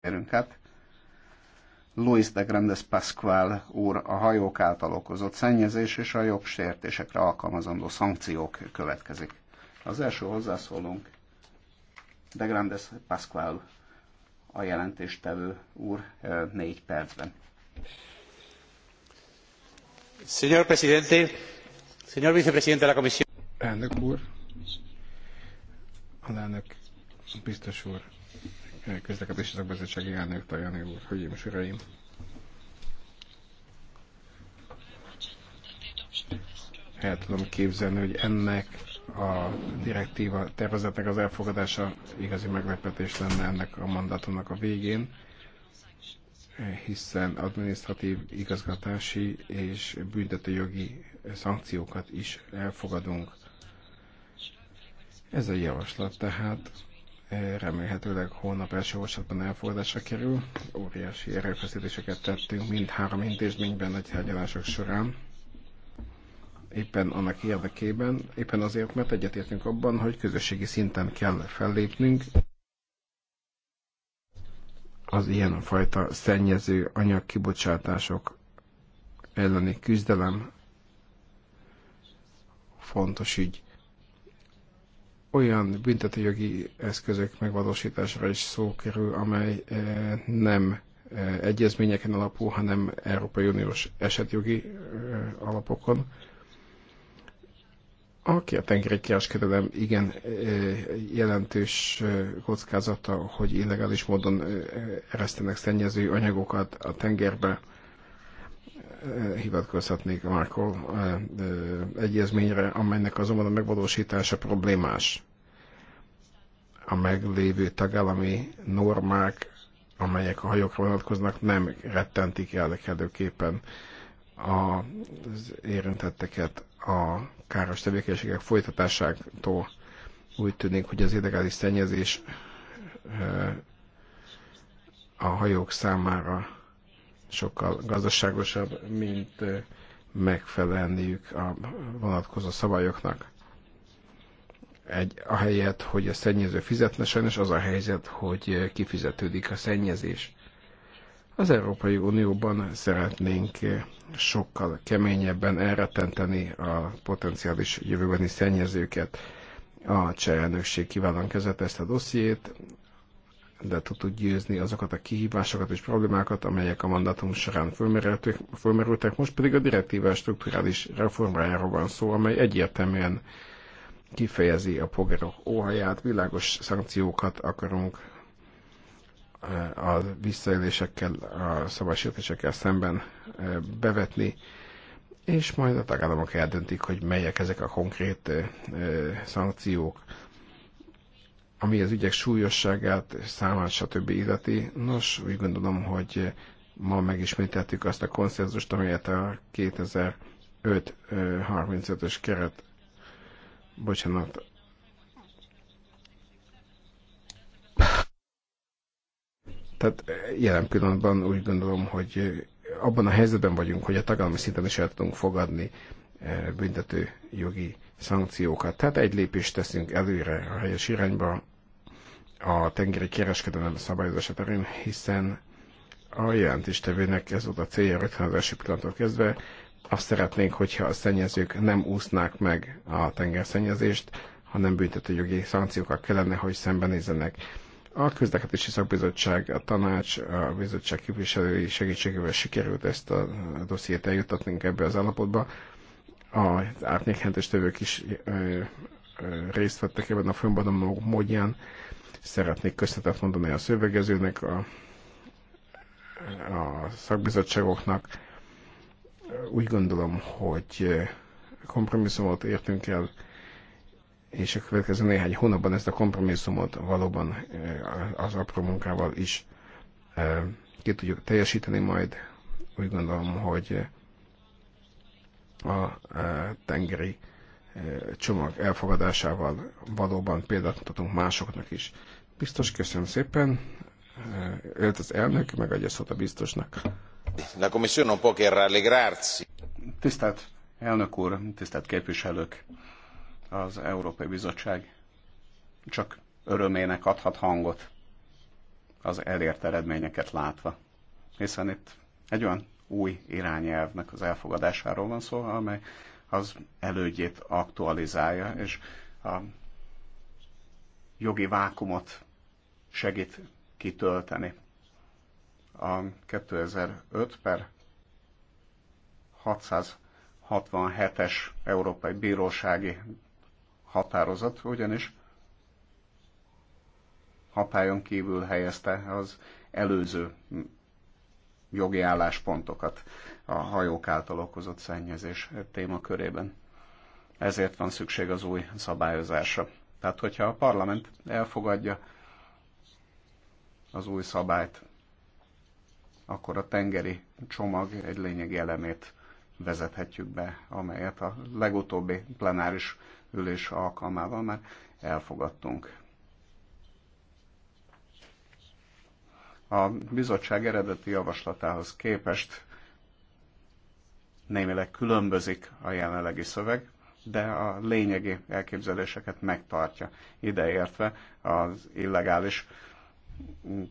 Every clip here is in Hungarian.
térünk át. Luis de Grandes Pascual úr a hajók által okozott szennyezés és a jogsértésekre alkalmazandó szankciók következik. Az első hozzászólunk de Grandes Pascual a jelentéstevő úr négy percben. Señor presidente, señor vicepresidente de la comisión. Elnök úr, alelnök, biztos úr, közlekedési szakbizottsági elnök Tajani úr, hölgyeim és uraim! El tudom képzelni, hogy ennek a direktíva tervezetnek az elfogadása igazi meglepetés lenne ennek a mandátumnak a végén, hiszen adminisztratív, igazgatási és büntetőjogi szankciókat is elfogadunk. Ez a javaslat tehát remélhetőleg holnap első olvasatban elfogadásra kerül. Óriási erőfeszítéseket tettünk mind három intézményben a tárgyalások során. Éppen annak érdekében, éppen azért, mert egyetértünk abban, hogy közösségi szinten kell fellépnünk az ilyen fajta szennyező anyagkibocsátások elleni küzdelem fontos ügy olyan büntetőjogi eszközök megvalósítására is szó kerül, amely eh, nem eh, egyezményeken alapul, hanem Európai Uniós esetjogi eh, alapokon. Aki a tengeri kereskedelem igen jelentős kockázata, hogy illegális módon eresztenek szennyező anyagokat a tengerbe, hivatkozhatnék a Markov egyezményre, amelynek azonban a megvalósítása problémás. A meglévő tagállami normák, amelyek a hajókra vonatkoznak, nem rettentik érdekelőképpen az érintetteket a káros tevékenységek folytatásától. Úgy tűnik, hogy az idegális szennyezés a hajók számára sokkal gazdaságosabb, mint megfelelniük a vonatkozó szabályoknak. Egy, a helyet, hogy a szennyező fizetne, sajnos az a helyzet, hogy kifizetődik a szennyezés. Az Európai Unióban szeretnénk sokkal keményebben elretenteni a potenciális jövőbeni szennyezőket. A cseh elnökség kívánunk ezt a dossziét, de tudtuk győzni azokat a kihívásokat és problémákat, amelyek a mandátum során fölmerültek. Most pedig a direktívás strukturális reformájáról van szó, amely egyértelműen kifejezi a polgárok óhaját, világos szankciókat akarunk eh, a visszaélésekkel, a szabadsértésekkel szemben eh, bevetni, és majd a tagállamok eldöntik, hogy melyek ezek a konkrét eh, szankciók ami az ügyek súlyosságát, számát, stb. illeti. Nos, úgy gondolom, hogy ma megismételtük azt a konszenzust, amelyet a 2005-35-ös keret, bocsánat, Tehát jelen pillanatban úgy gondolom, hogy abban a helyzetben vagyunk, hogy a tagállami szinten is el tudunk fogadni eh, büntető jogi szankciókat. Tehát egy lépést teszünk előre a helyes irányba, a tengeri kereskedelem szabályozása terén, hiszen a jelentéstevőnek ez volt a célja rögtön az első pillanattól kezdve. Azt szeretnénk, hogyha a szennyezők nem úsznák meg a tengerszennyezést, hanem büntetőjogi szankciókkal kellene, hogy szembenézzenek. A közlekedési szakbizottság, a tanács, a bizottság képviselői segítségével sikerült ezt a dossziét eljuttatnunk ebbe az állapotba. Az árnyékhentestevők is részt vettek ebben a fönnbadom módján Szeretnék köszönetet mondani a szövegezőnek, a, a szakbizottságoknak. Úgy gondolom, hogy kompromisszumot értünk el, és a következő néhány hónapban ezt a kompromisszumot valóban eh, az apró munkával is eh, ki tudjuk teljesíteni majd. Úgy gondolom, hogy a eh, tengeri csomag elfogadásával valóban példát mutatunk másoknak is. Biztos, köszönöm szépen. Ölt az elnök, meg szót a biztosnak. La Commission non può che rallegrarsi. Tisztelt elnök úr, tisztelt képviselők, az Európai Bizottság csak örömének adhat hangot az elért eredményeket látva. Hiszen itt egy olyan új irányelvnek az elfogadásáról van szó, amely az elődjét aktualizálja, és a jogi vákumot segít kitölteni. A 2005 per 667-es Európai Bírósági határozat ugyanis hatályon kívül helyezte az előző jogi álláspontokat a hajók által okozott szennyezés témakörében. Ezért van szükség az új szabályozásra. Tehát, hogyha a parlament elfogadja az új szabályt, akkor a tengeri csomag egy lényegi elemét vezethetjük be, amelyet a legutóbbi plenáris ülés alkalmával már elfogadtunk. a bizottság eredeti javaslatához képest némileg különbözik a jelenlegi szöveg, de a lényegi elképzeléseket megtartja, ideértve az illegális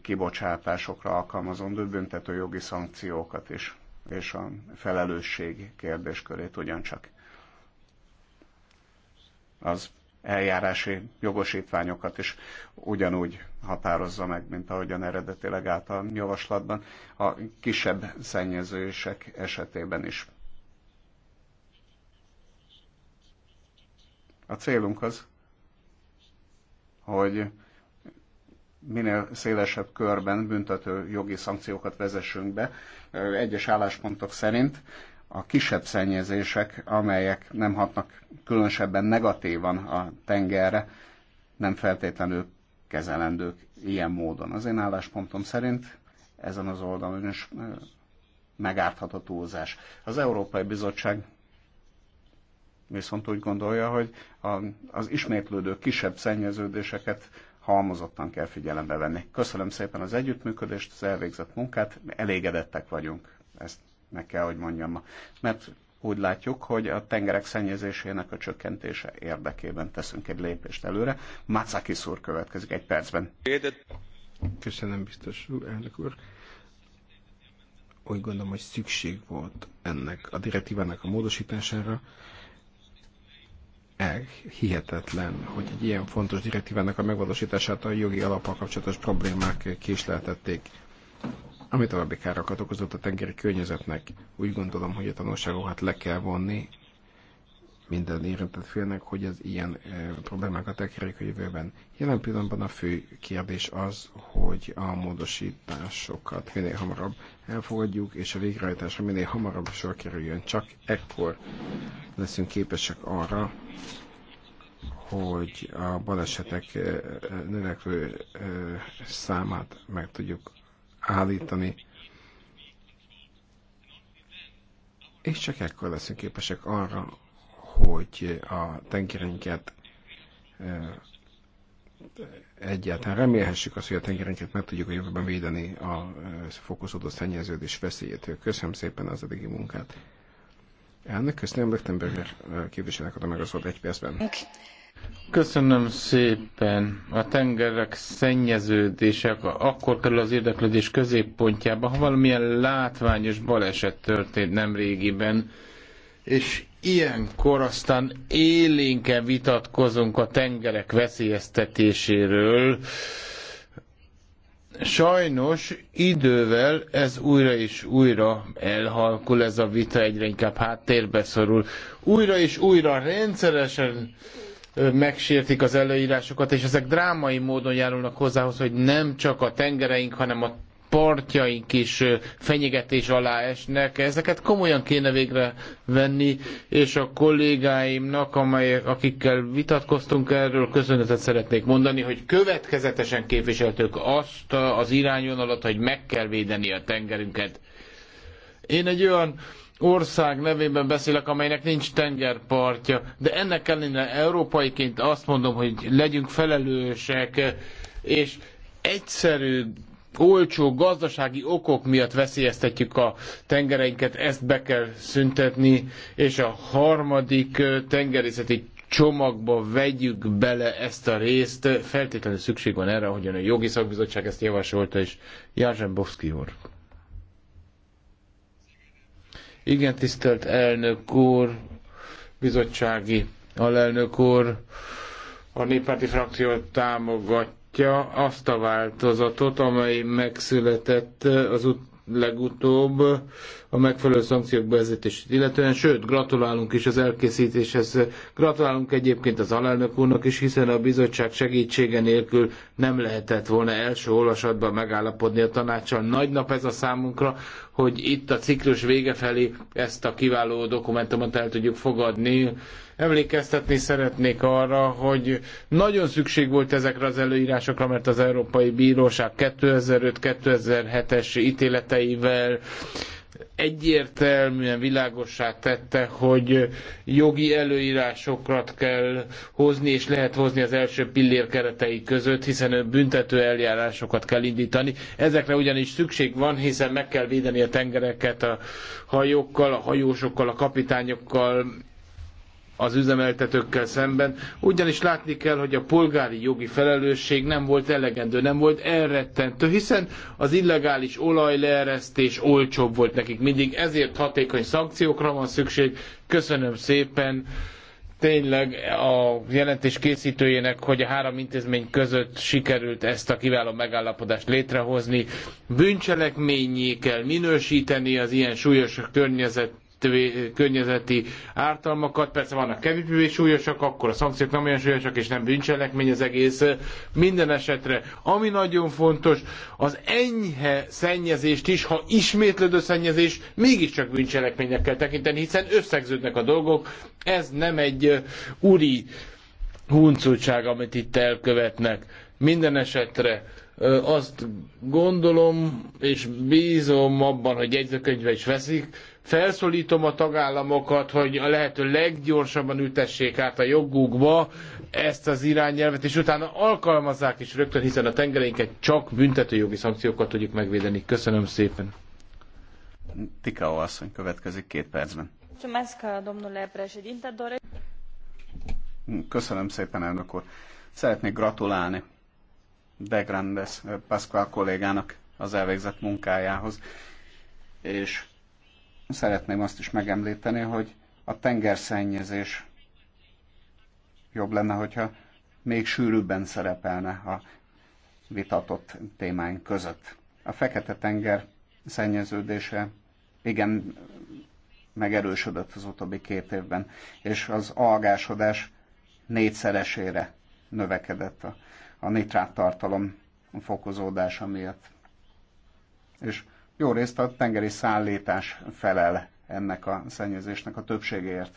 kibocsátásokra alkalmazandó jogi szankciókat is, és a felelősség kérdéskörét ugyancsak. Az eljárási jogosítványokat is ugyanúgy határozza meg, mint ahogyan eredetileg állt a javaslatban, a kisebb szennyezősek esetében is. A célunk az, hogy minél szélesebb körben büntető jogi szankciókat vezessünk be. Egyes álláspontok szerint a kisebb szennyezések, amelyek nem hatnak különösebben negatívan a tengerre, nem feltétlenül kezelendők ilyen módon. Az én álláspontom szerint ezen az oldalon is megárthat a túlzás. Az Európai Bizottság viszont úgy gondolja, hogy az ismétlődő kisebb szennyeződéseket halmozottan kell figyelembe venni. Köszönöm szépen az együttműködést, az elvégzett munkát, elégedettek vagyunk. Ezt meg kell, hogy mondjam, mert úgy látjuk, hogy a tengerek szennyezésének a csökkentése érdekében teszünk egy lépést előre. Macaki szúr következik egy percben. Köszönöm, biztos úr, elnök úr. Úgy gondolom, hogy szükség volt ennek a direktívának a módosítására. Eg, hihetetlen, hogy egy ilyen fontos direktívának a megvalósítását a jogi alapkal kapcsolatos problémák késleltették ami további károkat okozott a tengeri környezetnek. Úgy gondolom, hogy a tanulságokat le kell vonni minden érintett félnek, hogy az ilyen e, eh, problémákat elkerüljük a jövőben. Jelen pillanatban a fő kérdés az, hogy a módosításokat minél hamarabb elfogadjuk, és a végrehajtásra minél hamarabb sor kerüljön. Csak ekkor leszünk képesek arra, hogy a balesetek eh, eh, növekvő számát meg tudjuk állítani. És csak ekkor leszünk képesek arra, hogy a tengerünket egyáltalán remélhessük azt, hogy a tengerünket meg tudjuk a jövőben védeni a fokozódó szennyeződés veszélyétől. Köszönöm szépen az eddigi munkát. Elnök, köszönöm, Löktenberger képviselőnek adom meg a szót egy percben. Köszönöm szépen. A tengerek szennyeződése akkor kerül az érdeklődés középpontjába, ha valamilyen látványos baleset történt nem régiben, és ilyenkor aztán élénken vitatkozunk a tengerek veszélyeztetéséről. Sajnos idővel ez újra és újra elhalkul, ez a vita egyre inkább háttérbe szorul. Újra és újra rendszeresen megsértik az előírásokat, és ezek drámai módon járulnak hozzához, hogy nem csak a tengereink, hanem a partjaink is fenyegetés alá esnek. Ezeket komolyan kéne végre venni, és a kollégáimnak, amelyek, akikkel vitatkoztunk erről, köszönetet szeretnék mondani, hogy következetesen képviseltük azt az irányvonalat, hogy meg kell védeni a tengerünket. Én egy olyan ország nevében beszélek, amelynek nincs tengerpartja, de ennek ellenére európaiként azt mondom, hogy legyünk felelősek, és egyszerű, olcsó gazdasági okok miatt veszélyeztetjük a tengereinket, ezt be kell szüntetni, és a harmadik tengerészeti csomagba vegyük bele ezt a részt. Feltétlenül szükség van erre, ahogyan a jogi szakbizottság ezt javasolta, és Jászembowski úr. Igen, tisztelt elnök úr, bizottsági alelnök úr, a néppárti frakció támogatja azt a változatot, amely megszületett az ut- legutóbb a megfelelő szankciók bevezetését illetően, sőt, gratulálunk is az elkészítéshez. Gratulálunk egyébként az alelnök úrnak is, hiszen a bizottság segítsége nélkül nem lehetett volna első olvasatban megállapodni a tanácsal. Nagy nap ez a számunkra, hogy itt a ciklus vége felé ezt a kiváló dokumentumot el tudjuk fogadni. Emlékeztetni szeretnék arra, hogy nagyon szükség volt ezekre az előírásokra, mert az Európai Bíróság 2005-2007-es ítéleteivel egyértelműen világossá tette, hogy jogi előírásokat kell hozni, és lehet hozni az első pillér keretei között, hiszen büntető eljárásokat kell indítani. Ezekre ugyanis szükség van, hiszen meg kell védeni a tengereket a hajókkal, a hajósokkal, a kapitányokkal, az üzemeltetőkkel szemben, ugyanis látni kell, hogy a polgári jogi felelősség nem volt elegendő, nem volt elrettentő, hiszen az illegális olajleeresztés olcsóbb volt nekik mindig, ezért hatékony szankciókra van szükség. Köszönöm szépen tényleg a jelentés készítőjének, hogy a három intézmény között sikerült ezt a kiváló megállapodást létrehozni. Bűncselekményé kell minősíteni az ilyen súlyos környezet környezeti ártalmakat. Persze vannak kevésbé súlyosak, akkor a szankciók nem olyan súlyosak, és nem bűncselekmény az egész minden esetre. Ami nagyon fontos, az enyhe szennyezést is, ha ismétlődő szennyezés, mégiscsak bűncselekmények kell tekinteni, hiszen összegződnek a dolgok. Ez nem egy úri huncutság, amit itt elkövetnek. Minden esetre azt gondolom, és bízom abban, hogy jegyzőkönyvbe is veszik, felszólítom a tagállamokat, hogy a lehető leggyorsabban ültessék át a jogukba ezt az irányelvet, és utána alkalmazzák is rögtön, hiszen a tengereinket csak büntetőjogi szankciókat tudjuk megvédeni. Köszönöm szépen. Tikao asszony következik két percben. Köszönöm szépen, elnök úr. Szeretnék gratulálni de Grandes eh, Pascual kollégának az elvégzett munkájához. És szeretném azt is megemlíteni, hogy a tengerszennyezés jobb lenne, hogyha még sűrűbben szerepelne a vitatott témáink között. A Fekete-tenger szennyeződése igen megerősödött az utóbbi két évben, és az algásodás négyszeresére növekedett a a nitrát tartalom fokozódása miatt. És jó részt a tengeri szállítás felel ennek a szennyezésnek a többségéért.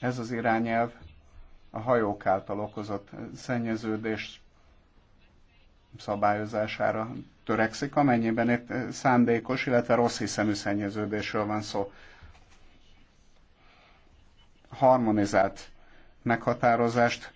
Ez az irányelv a hajók által okozott szennyeződés szabályozására törekszik, amennyiben itt szándékos, illetve rossz hiszemű szennyeződésről van szó. Harmonizált meghatározást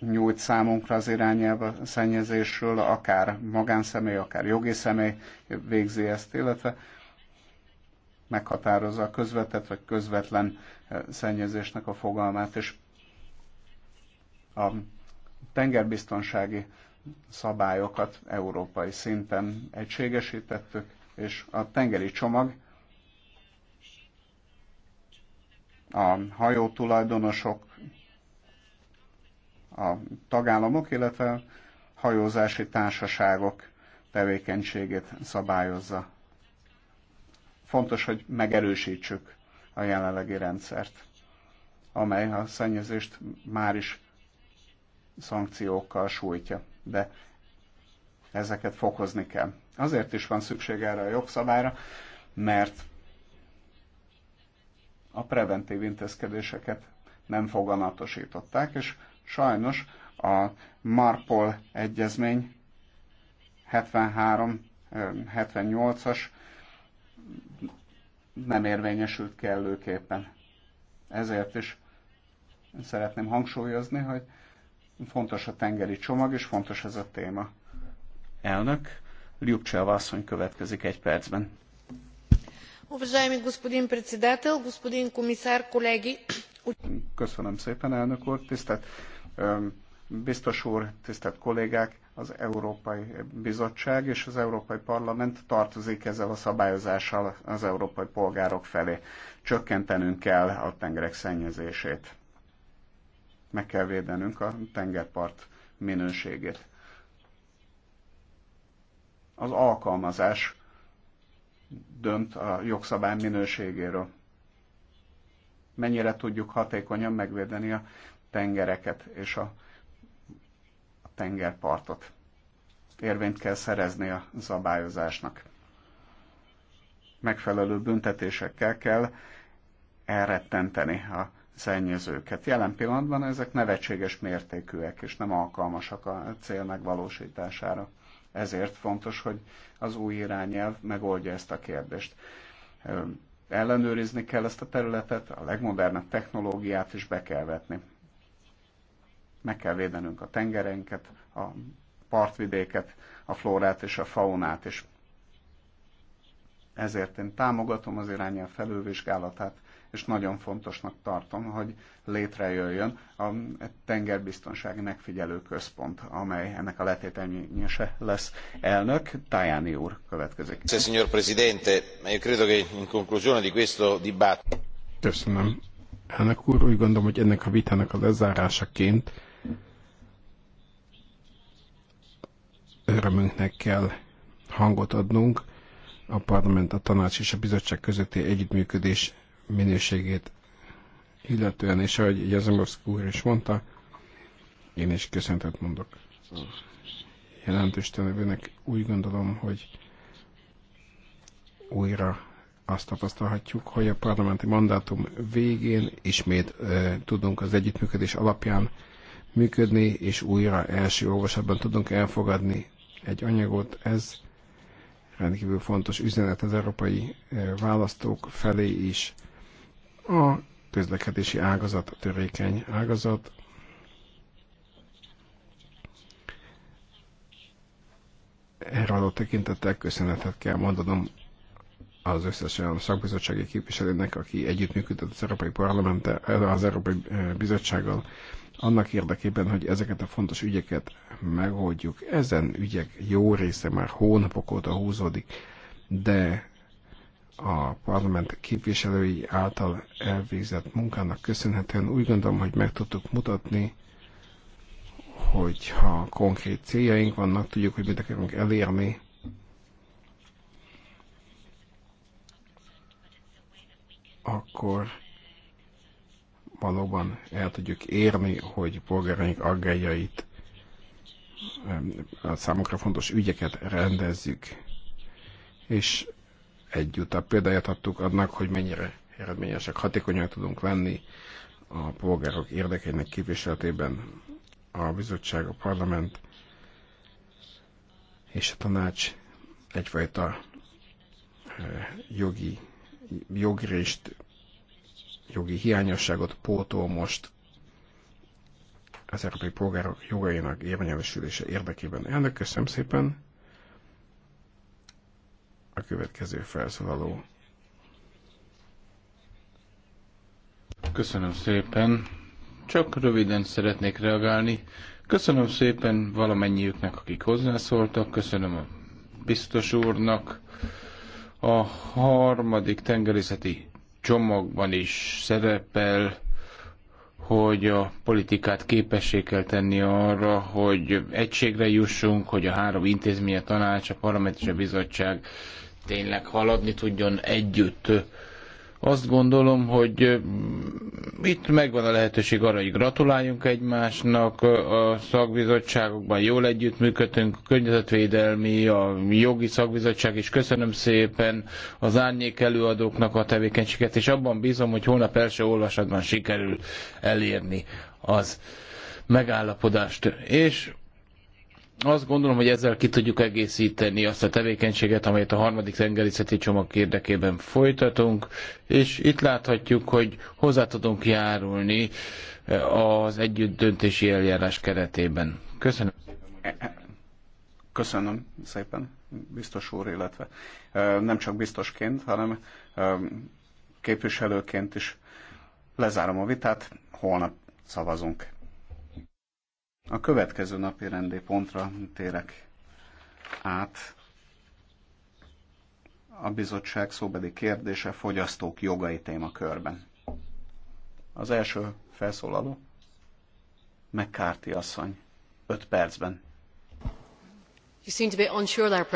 nyújt számunkra az irányelv szennyezésről, akár magánszemély, akár jogi személy végzi ezt, illetve meghatározza a közvetett vagy közvetlen eh, szennyezésnek a fogalmát, és a tengerbiztonsági szabályokat európai szinten egységesítettük, és a tengeri csomag a hajó tulajdonosok, a tagállamok, illetve hajózási társaságok tevékenységét szabályozza. Fontos, hogy megerősítsük a jelenlegi rendszert, amely a szennyezést már is szankciókkal sújtja, de ezeket fokozni kell. Azért is van szükség erre a jogszabályra, mert a preventív intézkedéseket nem foganatosították, és sajnos a Marpol egyezmény 73-78-as nem érvényesült kellőképpen. Ezért is szeretném hangsúlyozni, hogy fontos a tengeri csomag, és fontos ez a téma. Elnök, Liubcsel asszony következik egy percben. Уважаеми господин председател, господин комисар, колеги! Köszönöm szépen, elnök úr, tisztelt biztos úr, tisztelt kollégák! Az Európai Bizottság és az Európai Parlament tartozik ezzel a szabályozással az európai polgárok felé. Csökkentenünk kell a tengerek szennyezését. Meg kell védenünk a tengerpart minőségét. Az alkalmazás dönt a jogszabály minőségéről. Mennyire tudjuk hatékonyan megvédeni a tengereket és a, a tengerpartot. Érvényt kell szerezni a szabályozásnak. Megfelelő büntetésekkel kell elrettenteni a szennyezőket. Jelen pillanatban ezek nevetséges mértékűek, és nem alkalmasak a cél megvalósítására. Ezért fontos, hogy az új irányelv megoldja ezt a kérdést. Ellenőrizni kell ezt a területet, a legmodernebb technológiát is be kell vetni. Meg kell védenünk a tengerenket, a partvidéket, a flórát és a faunát is. Ezért én támogatom az irányelv felülvizsgálatát, és nagyon fontosnak tartom, hogy létrejöjjön a tengerbiztonsági megfigyelő központ, amely ennek a letéteményese lesz elnök. Tajani úr következik. Signor Presidente, io credo che in conclusione di questo dibattito... Köszönöm. Elnök úr, úgy gondolom, hogy ennek a vitának a lezárásaként örömünknek kell hangot adnunk a parlament, a tanács és a bizottság közötti együttműködés minőségét illetően, és ahogy Jazomovszki úr is mondta, én is köszöntet mondok a jelentős tenevőnek Úgy gondolom, hogy újra azt tapasztalhatjuk, hogy a parlamenti mandátum végén ismét e, tudunk az együttműködés alapján működni, és újra első olvasatban tudunk elfogadni egy anyagot. Ez rendkívül fontos üzenet az európai választók felé is. A közlekedési ágazat, a törékeny ágazat, erre adott tekintettel köszönetet kell mondanom az összes olyan szakbizottsági képviselőnek, aki együttműködött az Európai Parlamenttel, az Európai Bizottsággal, annak érdekében, hogy ezeket a fontos ügyeket megoldjuk. Ezen ügyek jó része már hónapok óta húzódik, de a parlament képviselői által elvégzett munkának köszönhetően úgy gondolom, hogy meg tudtuk mutatni, hogyha konkrét céljaink vannak, tudjuk, hogy mit akarunk elérni, akkor valóban el tudjuk érni, hogy polgáraink aggájait, a számukra fontos ügyeket rendezzük. És a példáját adtuk annak, hogy mennyire eredményesek, hatékonyak tudunk lenni a polgárok érdekeinek képviseletében a bizottság, a parlament és a tanács egyfajta eh, jogi jogrést, jogi hiányosságot pótol most az európai polgárok jogainak érvényesülése érdekében. Elnök, köszönöm szépen! A következő felszólaló. Köszönöm szépen. Csak röviden szeretnék reagálni. Köszönöm szépen valamennyiüknek, akik hozzászóltak. Köszönöm a biztos úrnak. A harmadik tengerészeti csomagban is szerepel hogy a politikát képessé kell tenni arra, hogy egységre jussunk, hogy a három intézmény, a tanács, a parlament és a bizottság tényleg haladni tudjon együtt azt gondolom, hogy itt megvan a lehetőség arra, hogy gratuláljunk egymásnak, a szakbizottságokban jól együttműködtünk, a környezetvédelmi, a jogi szakbizottság is köszönöm szépen az árnyék előadóknak a tevékenységet, és abban bízom, hogy holnap első olvasatban sikerül elérni az megállapodást. És azt gondolom, hogy ezzel ki tudjuk egészíteni azt a tevékenységet, amelyet a harmadik tengerészeti csomag érdekében folytatunk, és itt láthatjuk, hogy hozzá tudunk járulni eh, az együtt döntési eljárás keretében. Köszönöm szépen. Köszönöm szépen, biztos úr, illetve eh, nem csak biztosként, hanem eh, képviselőként is lezárom a vitát, holnap szavazunk. A következő napi rendi pontra térek át. A bizottság szóbeli kérdése fogyasztók jogai témakörben. Az első felszólaló McCarthy asszony, 5 percben. You seem to be unsure there,